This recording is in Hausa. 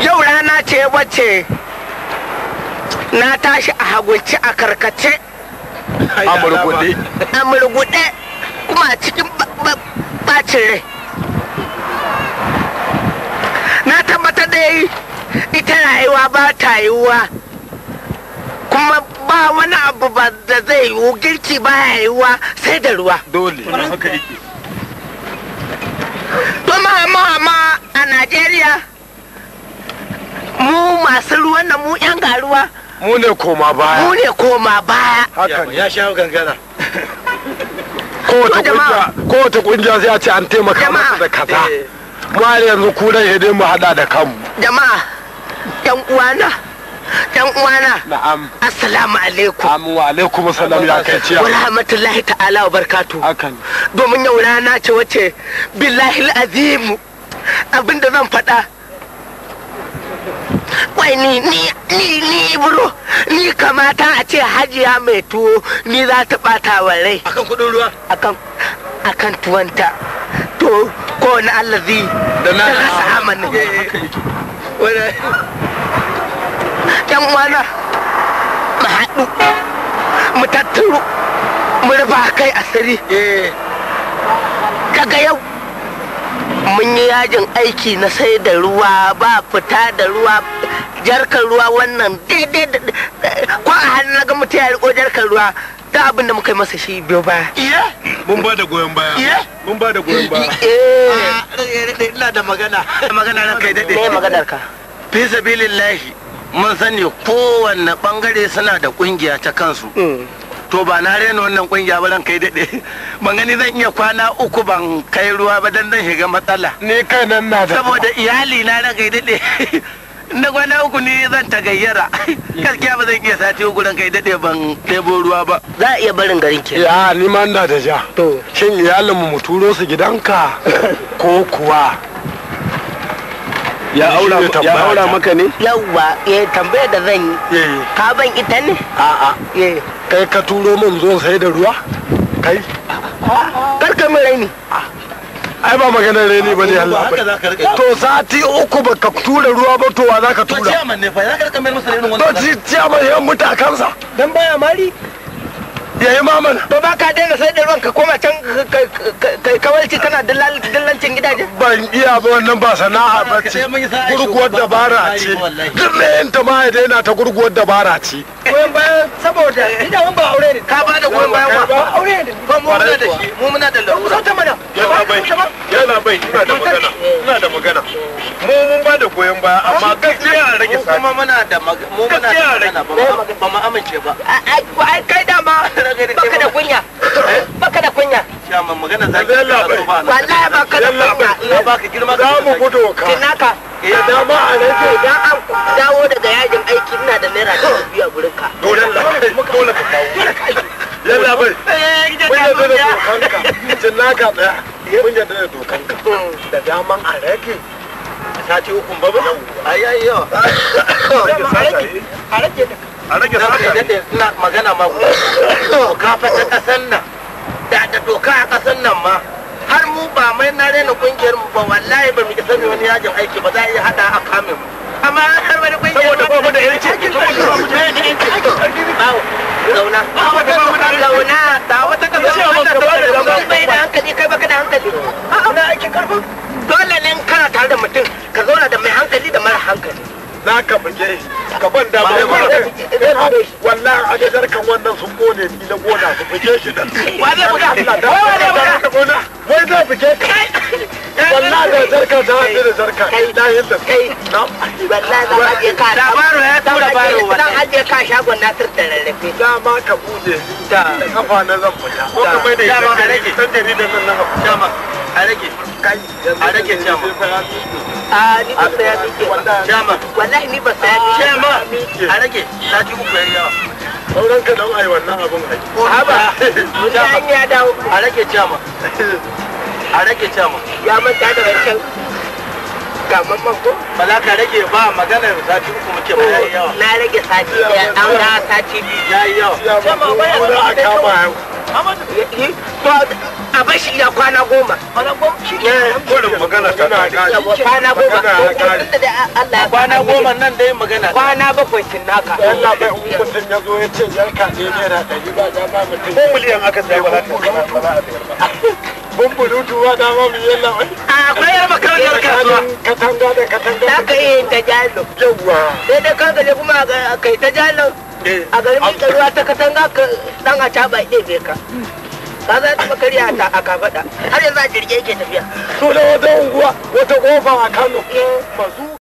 yau rana ce wacce na tashi a hagulci a karkace a murgude kuma a cikin bacin rai na tabbatar da yi ita rayuwa ba ta yiwuwa kuma ba wani abu ba da zai yiwu girki ba ya yiwuwa sai da ruwa dole to ma ma a najeriya masu ruwan nan mu yan garuwa mu ne koma baya mu ne koma baya haka ne ya sha gangara kowace kungiya kowace kungiya sai a ce an taimaka masa da kaza eh. mu har yanzu ku dan hede mu hada da kanmu jama'a yan uwana yan uwana na'am assalamu alaikum amu wa alaikum assalam ya kai ciya wa rahmatullahi ta'ala wa barakatuh hakan domin yau rana ce wace billahi alazim abinda zan faɗa kwai ni ni ni ni buru ni kamata a ce hajiya mai tuwo ni za ta bata wa rai akan kudin ruwa akan akan tuwanta to ko na allazi da na ne amana eh, yan wana mu haɗu mu tattaro mu rufa kai asiri kaga eh. yau mun yi yajin aiki na sai da ruwa ba fita da ruwa jarkar ruwa wannan daidai da ko a hannu ga mutum ya riko jarkar ruwa ta abin da muka yi masa shi biyo ba. Iya? Mun ba da goyon baya. Iya? Mun ba da goyon baya. Eh. Ah, ina da magana. Magana na kai dade ne maganar ka? Fi sabilillahi mun sani kowanne bangare suna da kungiya ta kansu. Mm. to ba na rena wannan kungiya ba kai daɗe ban gani zan iya kwana uku ban kai ruwa ba dan zan shiga matsala ni kai nan na da saboda iyali na ran kai daɗe na kwana uku ni zan ta gayyara gaskiya ba zan iya sati uku ran kai daɗe ban ɗebo ruwa ba za a iya barin garin ke ya ni ma na da ja to shin iyalin mu turo su gidanka ko kuwa ya aura ya aura maka ne yawwa eh tambayar da zan yi eh. ka ban ita ne a'a eh kai ka turo min zo sai da ruwa kai karka mai raini ai ba maganar raini ba ne Allah to sati uku ba ka tura ruwa ba to wa za ka tura to ciyaman ne fa za ka mai masa rainin wannan to ciyaman ya muta kansa dan baya mari yayi mamana to ba ka daina sai da ruwan ka koma can kawalci kana dillancin gidaje ban iya ba wannan ba sana'a ba ce gurguwar dabara ce duk me ta ma ya daina ta gurguwar dabara ce goyon bayan saboda ina wani ba aure ne ka ba da goyon bayan ba aure ne ba mu muna da shi mu muna da larura ta mana yana bai yana bai ina da magana ina da magana mu mun ba da goyon baya amma gaskiya a rage sani kuma muna da mu muna da magana ba mu amince ba ai kai magana za ki ba wallahi ba ka da ba ka girma mu ka tinaka ma a an dawo daga yajin aiki ina da naira da biya gurin ka dole ka dawo bai da dokanka tinaka daya mun yarda da dokanka hmm. da daman a rage sati ukun ba ba a rage a rage magana ma ku ka fata kasan nan da da doka a ƙasar nan ma har mu ba mai na rena kungiyar mu ba wallahi ba mu ki sani wani yajin aiki ba za a iya hada a kamin mu amma har wani kungiyar na ka buge shi ka ban da mai mara wallahi a ga wannan sun gone ni na gona su buge shi dan wa zai buga da wa zai buga wai zai buge kai wallahi da zarkan da hadu da kai da yadda kai na wallahi da aje ka da baro ya tura baro wallahi aje ka shagon na tur da rarrafe da ma ka bude da kafa na zan fita ko ka mai da ya rage san da ni da nan na hafu dama a rage kai a rage jama a ni ba saya mike chairman wallahi ni ba saya mike chairman a rage na ji uku yayi yawa sauran ka dan ai wannan abun ai ko haba chairman a rage chairman a rage chairman ya manta da wancan kamar man ko ba ka rage ba magana sati uku na rage sati da an ga sati biyu yayi yawa a bar shi ina kwana goma kwana goma magana ta kwana goma kwana goma nan dai magana kwana bakwai tinnaka Allah bai in mutum ya zo ya ce yanka ne naira ɗari ba da ba mutum ko miliyan aka sai ba za ta ba za a bumbulu tuwa da ma mu yalla a akwai yar makauniyar kasuwa katanga da katanga da kai ta jalo yawa sai da kaga ne kuma kai ta jalo eh. a garin ruwa ta katanga dan a taba ɗebe ka ba za ta a fada har yanzu a jirgin yake tafiya. Suna wata unguwa wata kofa a Kano. Eh, mazu.